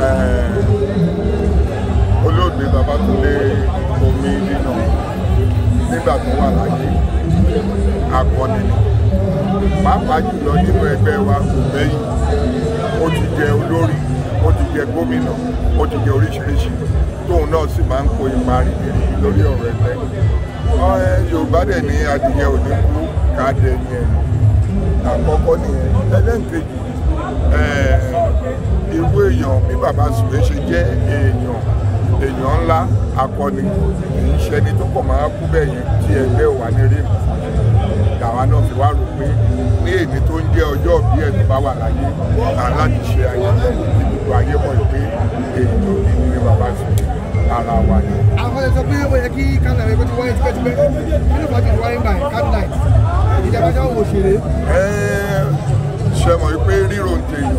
Eh, olóògbé Babátúndé Omídínà nígbà tó wà láyé akọni pàápàá jùlọ nínú wa kò lẹ́yìn ó ti jẹ olórí ó ti jẹ gómìnà ó ti jẹ oríṣiríṣi tóun náà sì máa ń kó ipa rìbìrì lórí ọ̀rọ̀ ẹgbẹ́ Yorùbá ní adìyẹ òní kú ká irú èèyàn bí bàbá sùwé ṣe jẹ́ èèyàn èèyàn ńlá akọni kì í ṣẹni tó kàn máa kú bẹ́ẹ̀ yẹn tí ẹgbẹ́ ò wá ní rí làwa náà fi wá rò pé ní èdè tó ń jẹ́ ọjọ́ bí ẹ̀ tó bá wà láyé aláti ṣe ayẹyẹ ìdìbò ayé mọ̀ pé èèyàn ní ní bàbá sùwé ara wa ni. àwọn ẹ̀sọ́ pé ó yẹ kí kánà rẹ̀ kó ti tipẹ́tipẹ́ kí ló fà ti wáyé báyìí kánà ìjàmbá òṣèré. ẹ ṣe mọ̀ pé ríro ń tèèyàn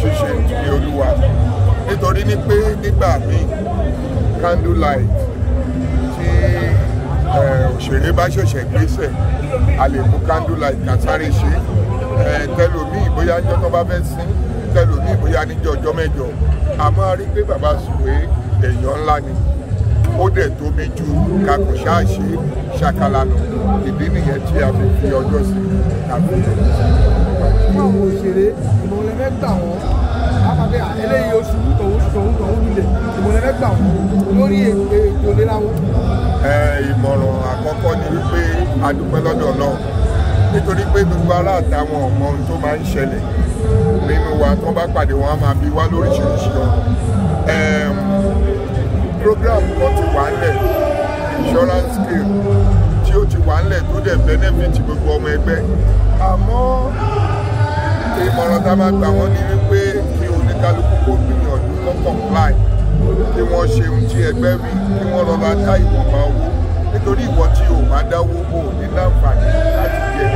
ṣiṣẹ́ ìdílé olúwa nítorí ní pé nígbà míì candle light tí òṣèré bá ṣẹ̀ṣẹ̀ gbéṣẹ̀ a lè mú candle light kàtàrí ṣe tẹlomiì bóyá níjọ́ tó bá fẹ́ sin tẹlomiì bóyá níjọ́ ọjọ́ mẹ́jọ àmọ́ a rí pé bàbá sùwé èèyàn ńlá ni ó dẹ̀ tóbi ju kakò ṣáàṣì ṣàkàlànà ìdí nìyẹn tí a fi fi ọjọ́ sí i. àwọn òṣèré ìmọ̀ fẹ́ gbà wọ́n àpapẹ́ eléyìí oṣù tòun tòun tòun lulẹ̀ ìmọ̀lẹ́ fẹ́ gbà wọ́n lórí ètò ìlera wọn. ìmọ̀ràn àkọ́kọ́ ni wípé a dúpẹ́ lọ́dọ̀ náà nítorí pé gbogbo aláàtà wọn ò mọ ohun tó máa ń ṣẹlẹ̀ nínú wa tó bá pàdé wọn a máa bí wá lóríṣiríṣi ọ̀rọ̀ program kan ti wà ńlẹ̀ insurance scheme tí ó ti wà ńlẹ̀ tó dẹ̀ benefit gbogbo ọmọ ẹgbẹ́ àmọ́ ìmọ̀ràn tá a máa gbà wọ́n ní wípé kí oníkálukú kò gbìyànjú lọ́kàn láì kí wọ́n ṣe ohun tí ẹgbẹ́ rí kí wọ́n rọra dá ìwọ̀n máa nítorí ìwọ tí o máa dáwó o ní láǹfààní láti jẹ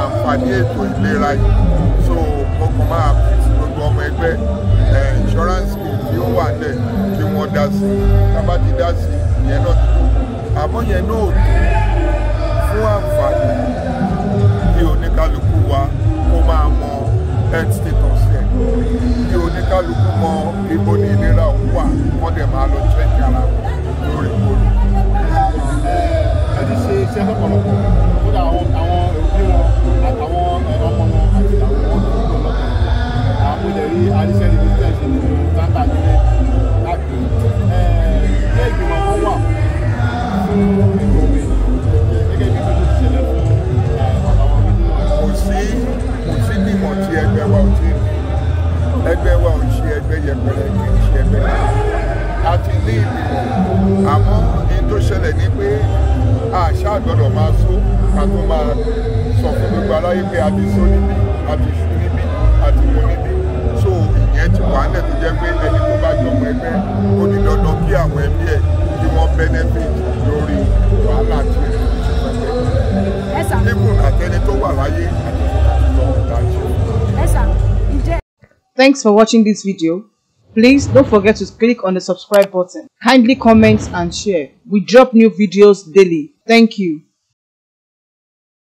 àǹfààní ètò ìlera yìí so mo máa fi gbogbo ọmọ ẹgbẹ́ insurance scheme tí ó wà lẹ̀ kí wọ́n dá sí tá a bá ti dá sí ìyẹn náà tó àmọ́ yẹn náà tó fún àǹfààní kí oníkálukú wa kó máa mọ health status ẹ̀ kí oníkálukú mọ ibo ní ìlera òun wà wọ́n dẹ̀ máa lọ check ara wọn lóòrèkóòrè. ẹ ti ṣe iṣẹ́ lọ́pọ̀lọpọ̀. a máa só ká máa sọ fún gbogbo aláyé pé a ti só níbí a ti sùn níbí a ti wọ níbí so ìyẹn ti wà nílẹ̀ tó jẹ́ pé ẹni tó bá jọ ọmọ ẹgbẹ́ ó ní dandan kí àwọn ẹbí ẹ̀ kí wọ́n benefit lórí wàhálà tí ẹ̀ ti sọ pẹ̀lú. ibùn àtẹni tó wà láyé àti ìlọ́wọ́ dájú. Thanks for watching this video. Please don't forget to click on the subscribe button. Kindly comment and share. We drop new videos daily. Thank you.